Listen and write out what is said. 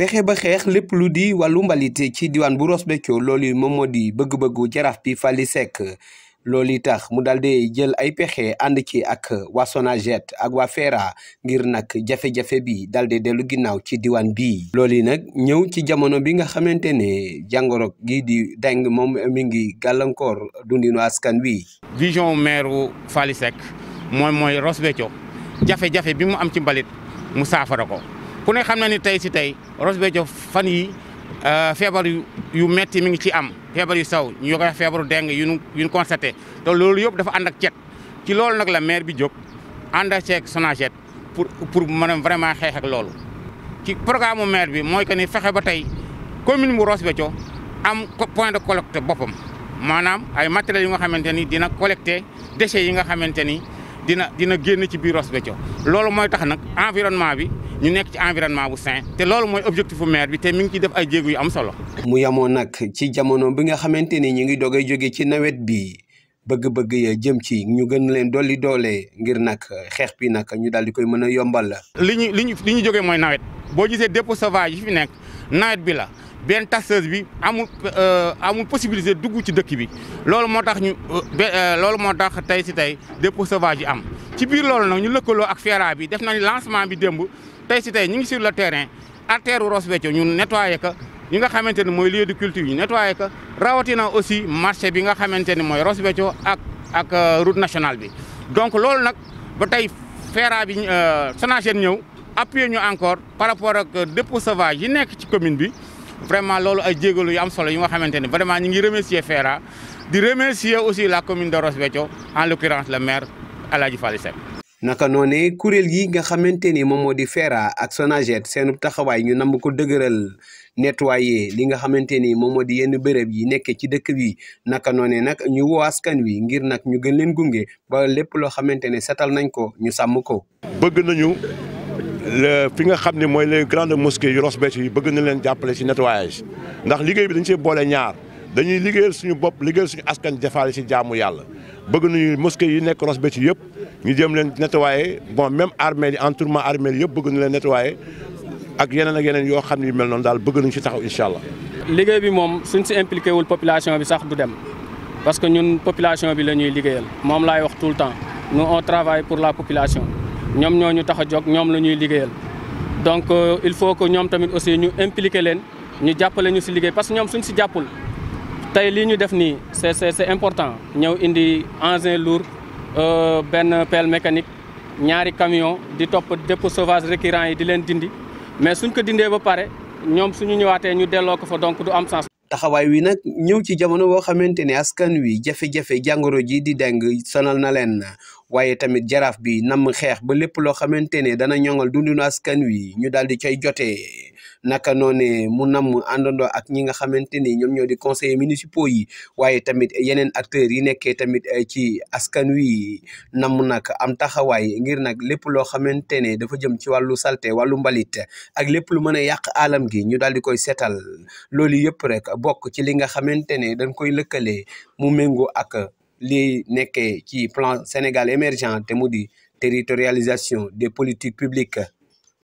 fexe ba xeex lépp lu di wàllu mbalit ci diwaan bu Ross Béthio loolu moom moo di bëgg-bëggu jaraaf bi Fally Seck loolu yi tax mu daal di jël ay pexe ànd ci ak waa Sonaget ak waa FERA ngir nag jafe-jafe bi daal di dellu ginnaaw ci diwaan bii. loolu nag ñëw ci jamono bi nga xamante ne jàngoro gii di deng moom mi ngi gàllankoor dundinu askan wi. vision maire Fally Seck mooy mooy Ross jafe-jafe bi mu am ci mbalit mu saafara ko. ku ne xam na ni tey si tey Ross Béthio fan yi euh, feebar yu metti mi ngi ci am feebar yu saw ñu koy feebaru deng yu nu yu nu constaté te loolu yëpp dafa ànd ak cet ci loolu nag la maire bi jóg ànd ak ceeg Sonaged pour pour mën a vraiment xeex loolu. ci programme mu bi mooy que ni fexe ba tey commune bu Ross am point de collecte boppam maanaam ay matériels yu nga xamante ni dina collecté déchets yi nga xamante ni dina dina génn ci biir Ross Béthio loolu mooy tax nag environnement bi. ñu nekk ci environnement bu sain te loolu mooy objectifu maire bi te mi ngi ciy def ay jéego yu am solo. mu yamoon nag ci jamono bi nga xamante ni ñu ngi doog a jóge ci nawet bi bëgg-bëgg ya jëm ci ñu gën leen dolli doole ngir nag xeex bi nag ñu daal di koy mën a yombal. li ñu li ñu li ñu jógee mooy nawet boo gisee dépôt sauvage yi fi nekk nawet bi la. benn tasseuse bi amul euh, amul possibilité dugg ci dëkk bi loolu moo tax ñu euh, euh, loolu moo tax tey si tey dépôt sauvage am ci biir loolu na ñu lëkkaloo ak FERA bi def nañ lancement bi démb tey si tey ñu ngi sur le terrain artère Ross Béthio ñun nettoyer ko ñi nga xamanteni moy lieu de culture ñu nettoyé ko rawatina aussi marché bi nga xamanteni moy mooy Ross ak ak euh, route nationale bi donc lool nak ba tay fera bi euh, SONAGED ñew appuyer ñu encore par rapport ak euh, dépôt sauvage yi nekk ci commune bi vraiment loolu ay djégelu yu am solo yi nga xamanteni vraiment ñu ngi remercier fera di remercier aussi la commune de Ross en l'occurrence le maire Aladji Fally naka noone kuréel yi nga xamante ni moom moo di FERA ak SONAGED seen taxawaay ñu namb ko dëgëral nettoyer li nga xamante ni moom moo di yenn béréb yi nekkee ci dëkk bi naka noone nag ñu woo askan wi ngir nag ñu gën leen gunge ba lépp loo xamante ne setal nañ ko ñu sàmm ko. bëgg nañu fi nga xam ne mooy le grande mosquées yu Ross Béthio yi bëgg na leen jàppale si nettoyage ndax liggéey bi dañ see boole ñaar. dañuy liggéeyal suñu bop liggéeyal suñu askan defaale ci jaamu yalla bëgg nañu mosquée yi nek rosbe ci yépp ñu jëm leen nettoyer bon même armée yi entourement armée yëpp bëgg na leen nettoyer ak yeneen ak yeneen yo xamni yu mel non dal bëgg nañu ci taxaw inshallah allah. bi mom suñ ci impliqué wul population bi sax du dem parce que ñun population bi lañuy ñuy mom lay wax tout le temps nous on travaille pour la population ñom ñoñu ñu jog ñom lañuy ñoom donc euh, il faut que ñom tamit aussi ñu impliqué leen ñu jappalé ñu ci liggéey parce que ñom suñ ci jappul tey lii ñu def nii c'est c'est c'est important ñëw indi engin lourd euh, benn pelle mécanique ñaari camion di topp dépôt sauvage récurrent yi di leen dindi mais suñ ko dindee ba pare ñoom suñu ñëwaatee ñu delloo ko fa donc du am sens. taxawaay wi nag ñëw ci jamono boo xamante ni askan wi jafe-jafe jàngoro ji di deng sonal na leen. waaye tamit jaraaf bi namm xeex ba lépp loo xamante ne dana ñoŋal dundinu askan wii ñu daal di cay jotee naka noone mu namm àndandoo ak ñi nga xamante ni ñoom ñoo di conseillers municipaux yi waaye tamit yeneen acteurs yi nekkee tamit eh, ci askan wi namm nag am taxawaay ngir nag lépp loo xamante ne dafa jëm ci wàllu salte wàllu mbalit ak lépp lu mën a yàq alam gi ñu daal di koy seetal loolu yëpp rek bokk ci li nga xamante ne dañ koy lëkkale mu méngoo ak Les qui qui plan Sénégal émergent et territorialisation des politiques publiques